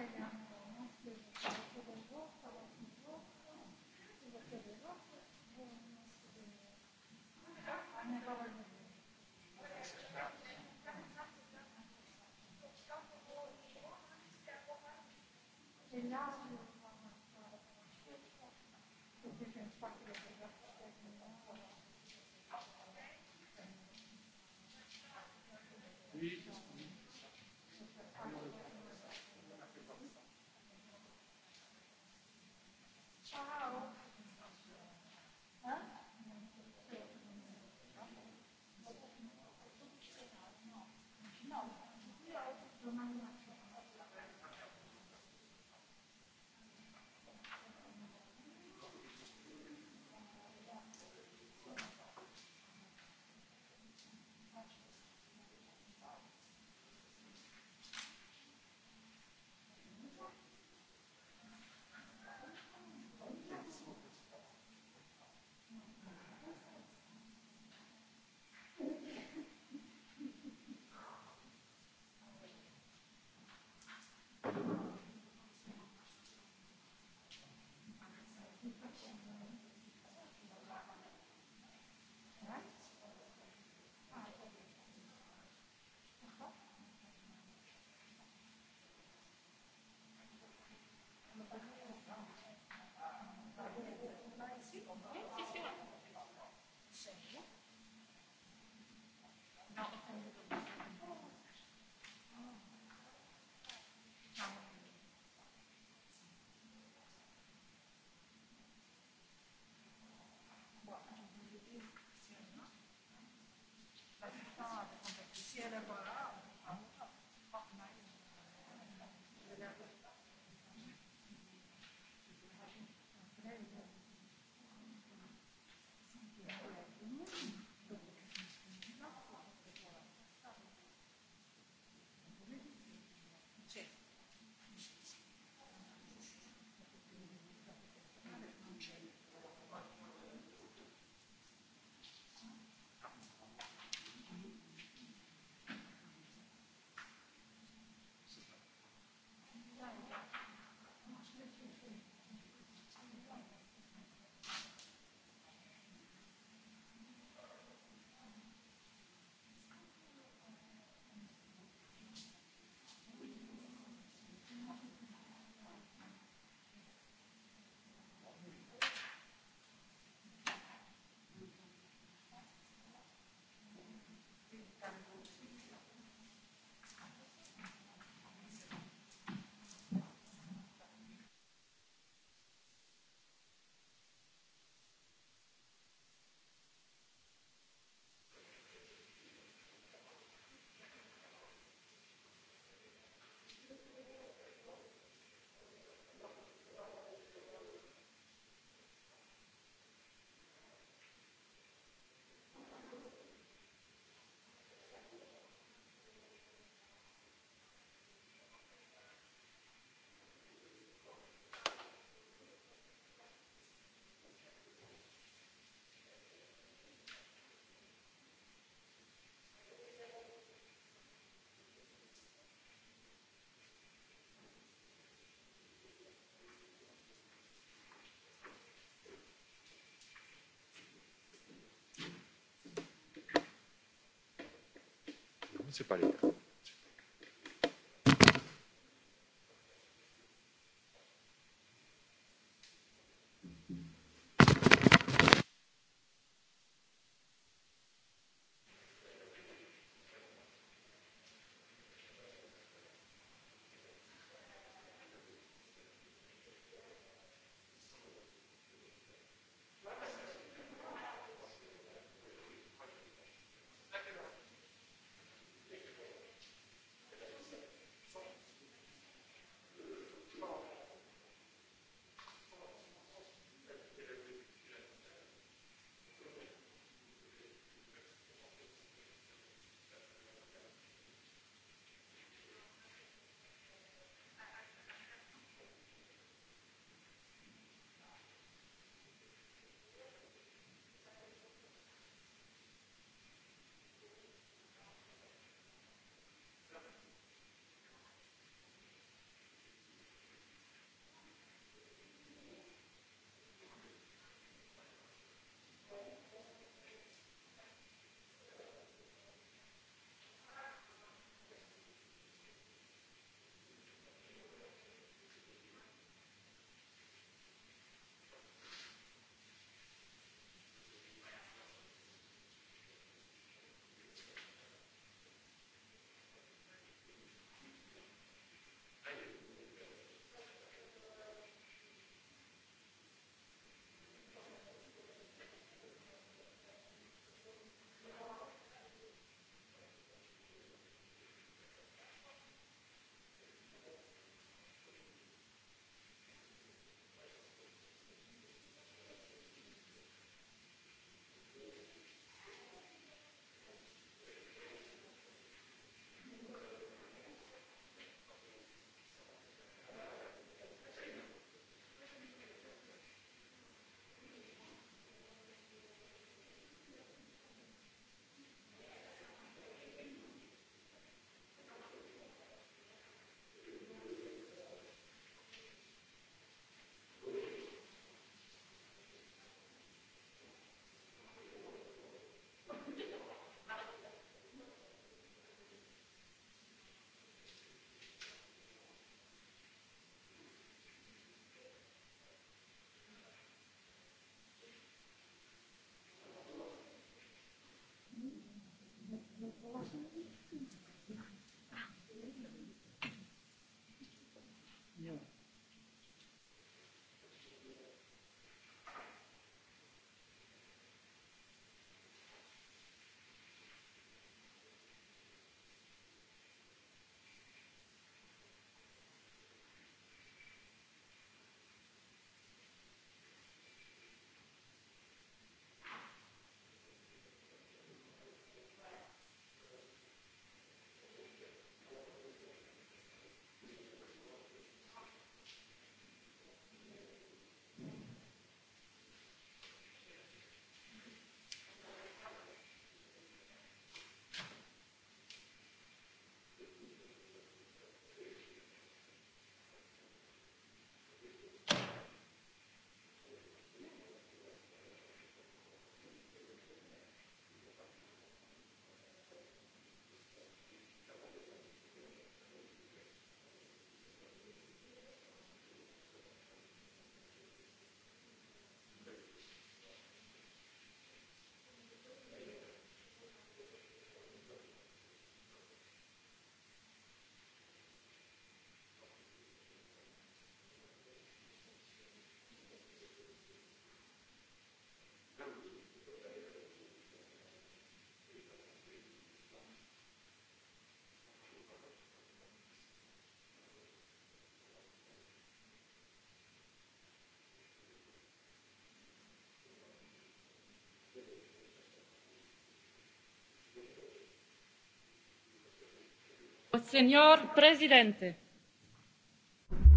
Gracias. municipalidad.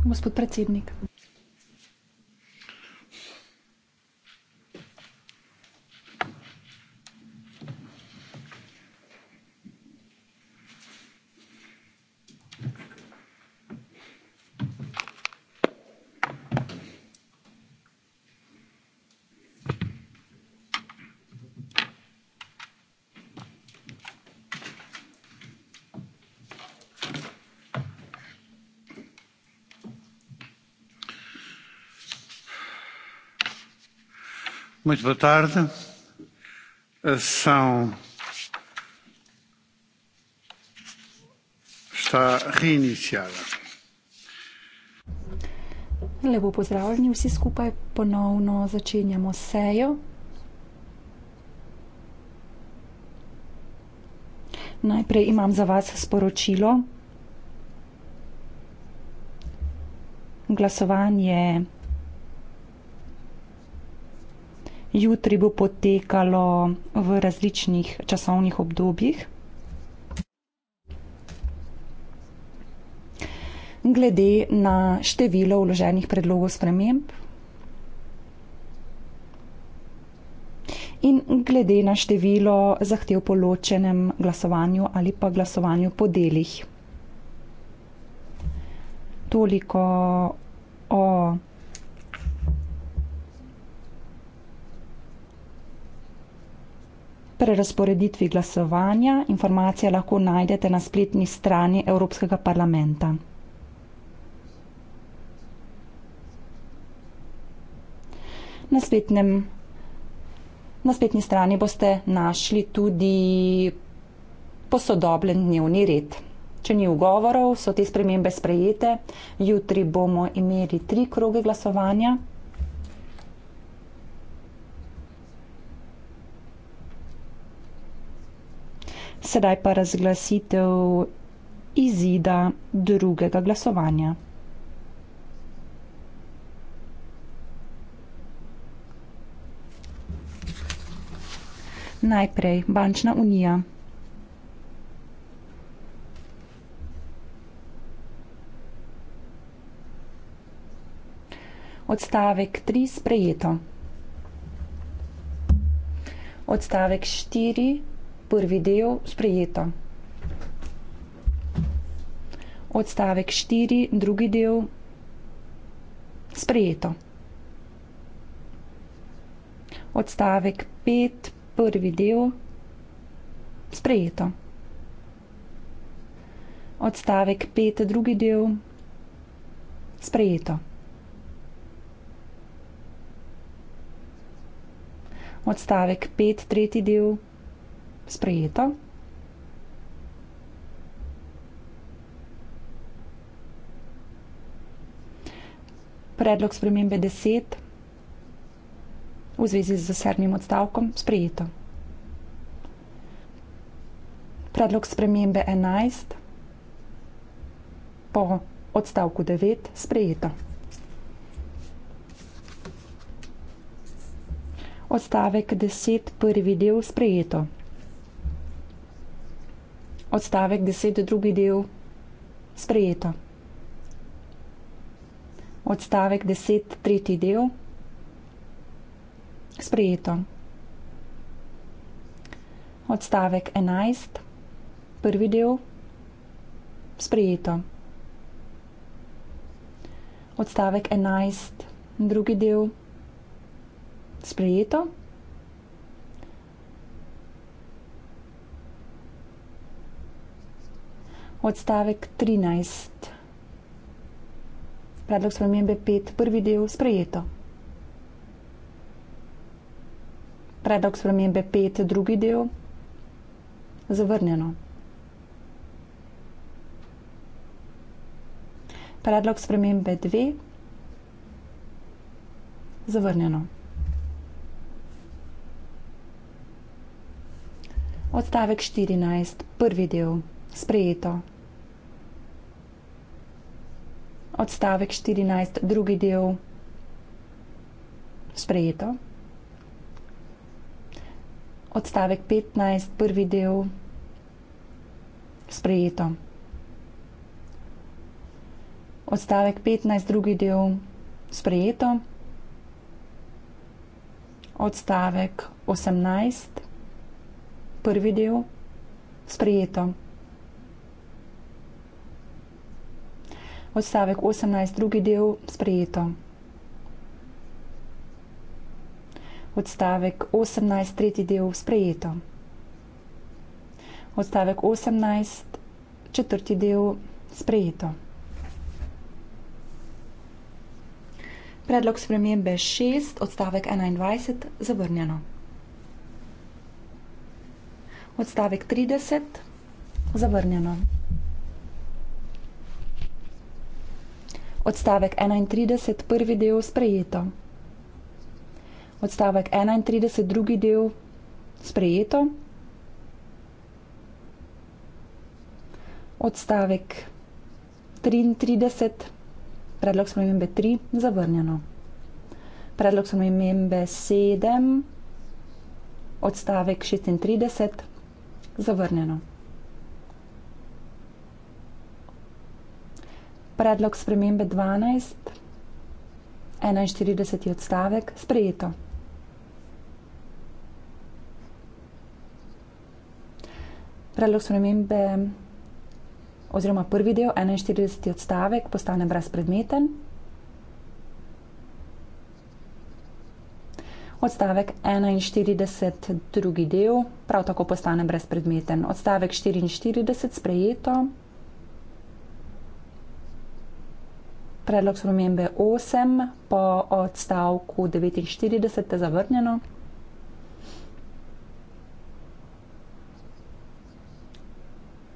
Gospod predsednik. Muito boa tarde. São está reiniciada. Lepo pozdravljeni vsi skupaj, ponovno začenjamo sejo. Najprej imam za vas sporočilo. Glasovanje jutri bo potekalo v različnih časovnih obdobjih. Glede na število vloženih predlogov sprememb in glede na število zahtev po ločenem glasovanju ali pa glasovanju po delih. Toliko o prerasporeditvi glasovanja informacije lahko najdete na spletni strani Evropskega parlamenta. Na, spetnem, na spletni strani boste našli tudi posodobljen dnevni red. Če ni ugovorov, so te spremembe sprejete. Jutri bomo imeli tri kroge glasovanja. Sedaj pa razglasitev izida drugega glasovanja. Najprej bančna unija. Odstavek 3 sprejeto. Odstavek 4 sprejeto prvi del sprejeto. Odstavek 4, drugi del sprejeto. Odstavek 5, prvi del sprejeto. Odstavek 5, drugi del sprejeto. Odstavek 5, tretji del sprejeto sprejeta. Predlog spremembe 10 v zvezi z zasernim odstavkom sprejeta. Predlog spremembe 11 po odstavku 9 sprejeta. Odstavek 10 prvi del sprejeto odstavek 10, drugi del, sprejeto. Odstavek 10, tretji del, sprejeto. Odstavek 11, prvi del, sprejeto. Odstavek 11, drugi del, sprejeto. odstavek 13. Predlog spremembe 5, prvi del, sprejeto. Predlog spremembe 5, drugi del, zavrnjeno. Predlog spremembe 2, zavrnjeno. Odstavek 14, prvi del, sprejeto odstavek 14, drugi del sprejeto. Odstavek 15, prvi del sprejeto. Odstavek 15, drugi del sprejeto. Odstavek 18, prvi del sprejeto. odstavek 18, drugi del sprejeto. Odstavek 18, tretji del sprejeto. Odstavek 18, četrti del sprejeto. Predlog spremembe 6, odstavek 21, zavrnjeno. Odstavek 30, zavrnjeno. Odstavek 31, prvi del, sprejeto. Odstavek 31, drugi del, sprejeto. Odstavek 33, predlog spremembe 3, zavrnjeno. Predlog spremembe 7, odstavek 36, zavrnjeno. Predlog spremembe 12, 41. odstavek, sprejeto. Predlog spremembe oziroma prvi del, 41. odstavek, postane brezpredmeten. Odstavek 41, drugi del, prav tako postane brezpredmeten. Odstavek 44, sprejeto. Predlog spremembe 8 po odstavku 49 je zavrnjeno.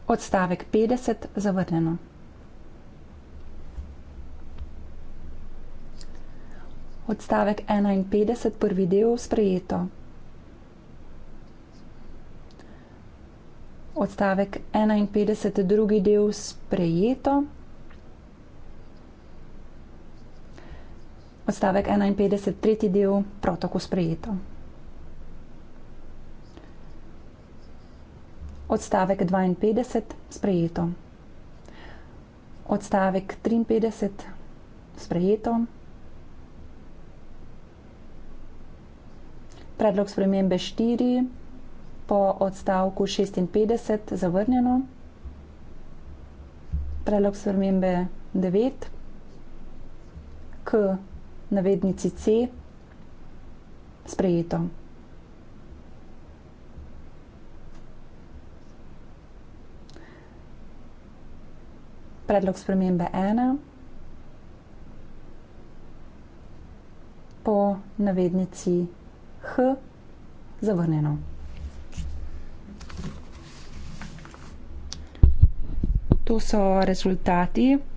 Odstavek 50 je zavrnjeno. Odstavek 51, prvi del, sprejeto. Odstavek 51, drugi del, sprejeto. odstavek 51, tretji del, prav tako sprejeto. Odstavek 52, sprejeto. Odstavek 53, sprejeto. Predlog spremembe 4 po odstavku 56, zavrnjeno. Predlog spremembe 9 k navednici C, sprejeto. Predlog spremembe 1 po navednici H zavrneno. To so rezultati.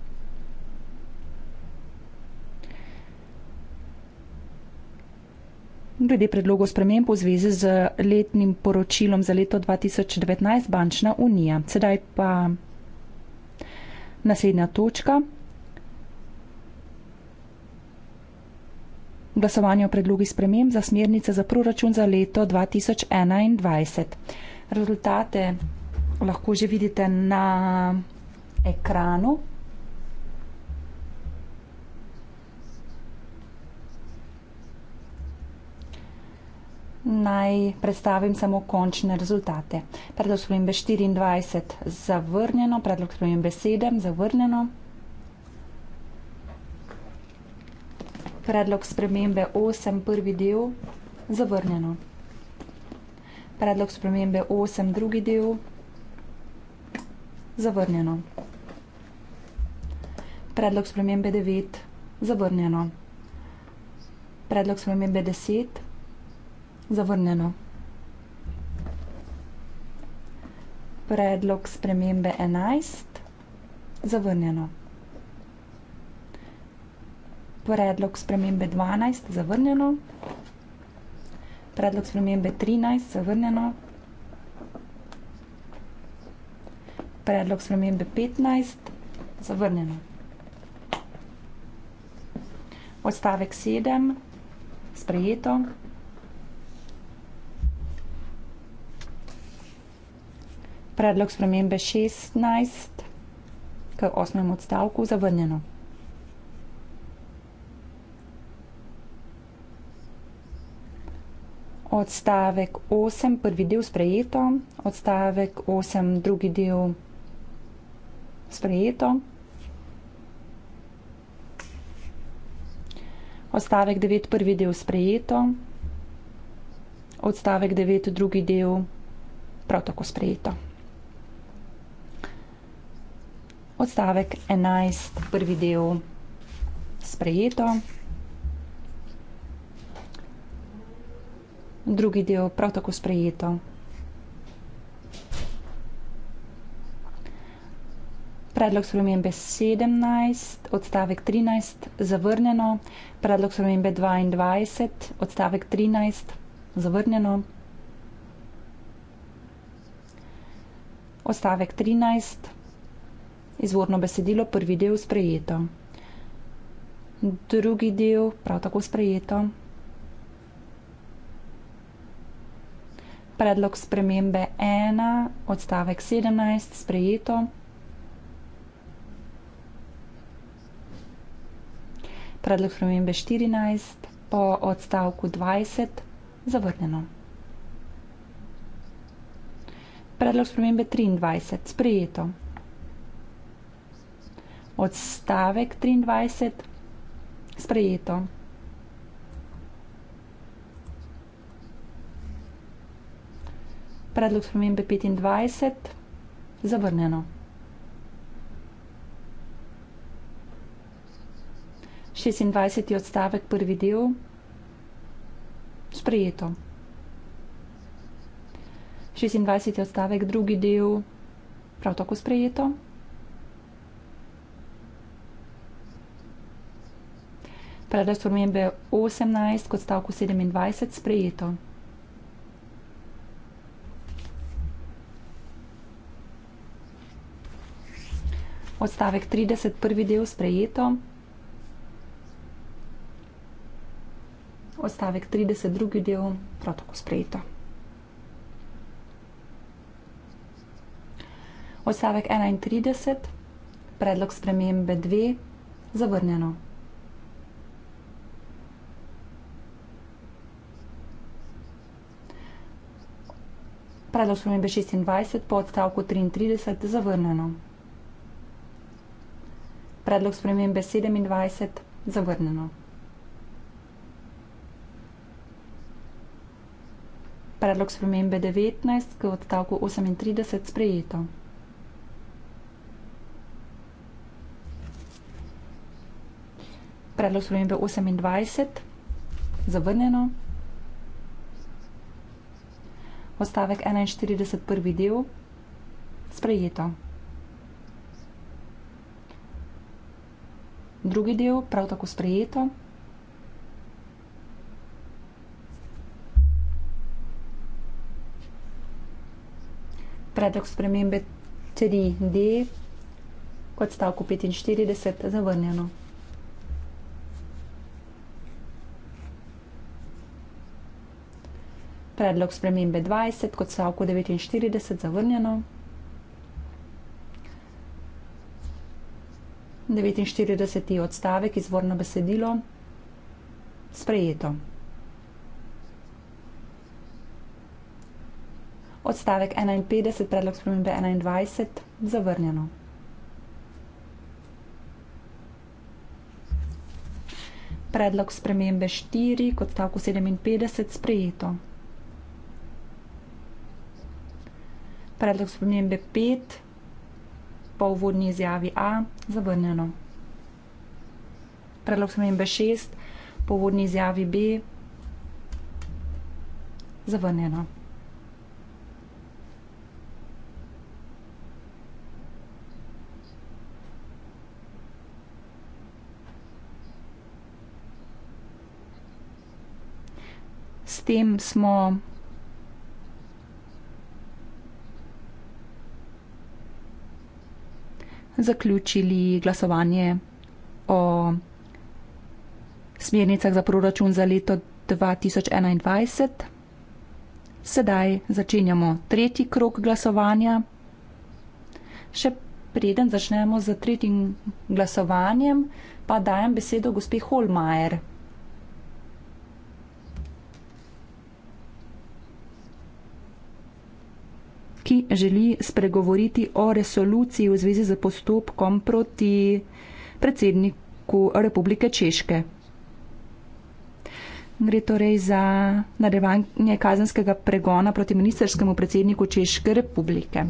Glede predlogov sprememb v zvezi z letnim poročilom za leto 2019 Bančna unija. Sedaj pa naslednja točka. Glasovanje o predlogi sprememb za smernice za proračun za leto 2021. Rezultate lahko že vidite na ekranu. naj predstavim samo končne rezultate. Predlog spremembe 24 zavrnjeno, predlog spremembe 7 zavrnjeno, predlog spremembe 8 prvi del zavrnjeno, predlog spremembe 8 drugi del zavrnjeno, predlog spremembe 9 zavrnjeno, predlog spremembe 10 zavrnjeno, Zavrnjeno. Predlog spremembe 11. Zavrnjeno. Predlog spremembe 12. Zavrnjeno. Predlog spremembe 13. Zavrnjeno. Predlog spremembe 15. Zavrnjeno. Odstavek 7. Sprejeto. predlog spremembe 16 k 8. odstavku zavrnjeno. Odstavek 8, prvi del sprejeto, odstavek 8, drugi del sprejeto, odstavek 9, prvi del sprejeto, odstavek 9, drugi del prav tako sprejeto. odstavek 11, prvi del, sprejeto. Drugi del, prav tako sprejeto. Predlog spremembe 17, odstavek 13, zavrnjeno. Predlog spremembe 22, odstavek 13, zavrnjeno. Odstavek 13, zavrnjeno izvorno besedilo, prvi del sprejeto. Drugi del prav tako sprejeto. Predlog spremembe 1, odstavek 17, sprejeto. Predlog spremembe 14, po odstavku 20, zavrnjeno. Predlog spremembe 23, sprejeto odstavek 23 sprejeto. Predlog spremembe 25 zavrnjeno. 26. odstavek prvi del sprejeto. 26. odstavek drugi del prav tako sprejeto. predlog spremembe 18 kot stavku 27 sprejeto. Odstavek 30, prvi del sprejeto. Odstavek 30, drugi del prav tako sprejeto. Odstavek 31, predlog spremembe 2, zavrnjeno. Predlog spremembe 26 po odstavku 33 zavrnjeno. Predlog spremembe 27 zavrnjeno. Predlog spremembe 19 k odstavku 38 sprejeto. Predlog spremembe 28 zavrnjeno odstavek 41, prvi del, sprejeto. Drugi del, prav tako sprejeto. Predlog spremembe 3D, kot stavku 45, zavrnjeno. predlog spremembe 20 kot stavku 49 zavrnjeno. 49. odstavek izvorno besedilo sprejeto. Odstavek 51, predlog spremembe 21, zavrnjeno. Predlog spremembe 4 kot stavku 57 sprejeto. predlog spremembe 5, po uvodni izjavi A, zavrnjeno. Predlog spremembe 6, po uvodni izjavi B, zavrnjeno. S tem smo zaključili glasovanje o smernicah za proračun za leto 2021. Sedaj začenjamo tretji krok glasovanja. Še preden začnemo z tretjim glasovanjem, pa dajem besedo gospe Holmajer. ki želi spregovoriti o resoluciji v zvezi z postopkom proti predsedniku Republike Češke. Gre torej za nadevanje kazenskega pregona proti ministerskemu predsedniku Češke republike.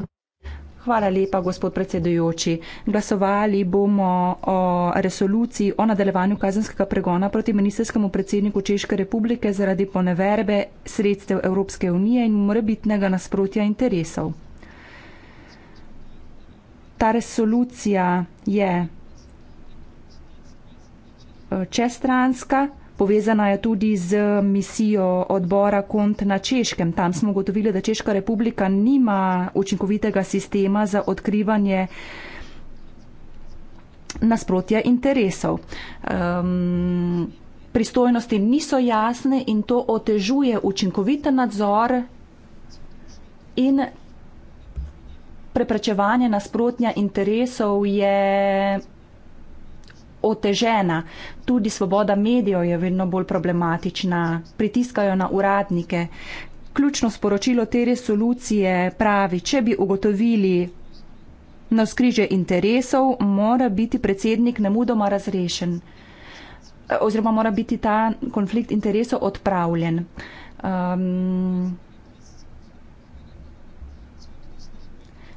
Hvala lepa, gospod predsedujoči. Glasovali bomo o resoluciji o nadaljevanju kazenskega pregona proti ministerskemu predsedniku Češke republike zaradi poneverbe sredstev Evropske unije in morebitnega nasprotja interesov. Ta resolucija je eh, čestranska, Povezana je tudi z misijo odbora KONT na Češkem. Tam smo ugotovili, da Češka republika nima učinkovitega sistema za odkrivanje nasprotja interesov. Um, pristojnosti niso jasne in to otežuje učinkovite nadzor in preprečevanje nasprotja interesov je otežena. Tudi svoboda medijev je vedno bolj problematična, pritiskajo na uradnike. Ključno sporočilo te resolucije pravi, če bi ugotovili na skriže interesov, mora biti predsednik nemudoma razrešen oziroma mora biti ta konflikt interesov odpravljen. Um,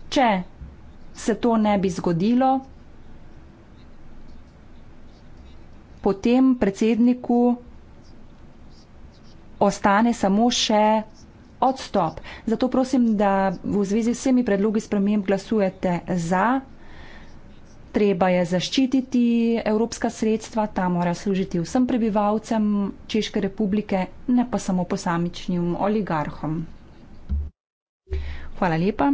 če se to ne bi zgodilo, potem predsedniku ostane samo še odstop. Zato prosim, da v zvezi z vsemi predlogi sprememb glasujete za. Treba je zaščititi evropska sredstva, ta mora služiti vsem prebivalcem Češke republike, ne pa samo posamičnim oligarhom. Hvala lepa.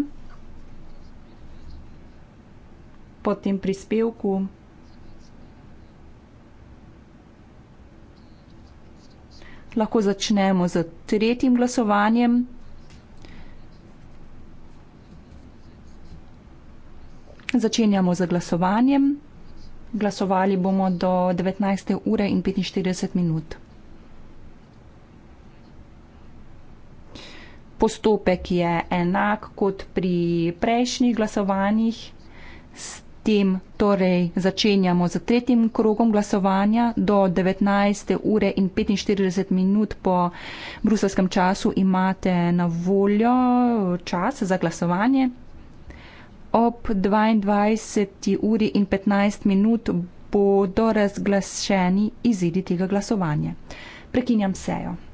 Po tem prispevku. lahko začnemo z tretjim glasovanjem. Začenjamo z glasovanjem. Glasovali bomo do 19. ure in 45 minut. Postopek je enak kot pri prejšnjih glasovanjih potem torej začenjamo z tretjim krogom glasovanja do 19. ure in 45 minut po bruselskem času imate na voljo čas za glasovanje. Ob 22. uri in 15 minut bodo razglašeni izidi tega glasovanja. Prekinjam sejo.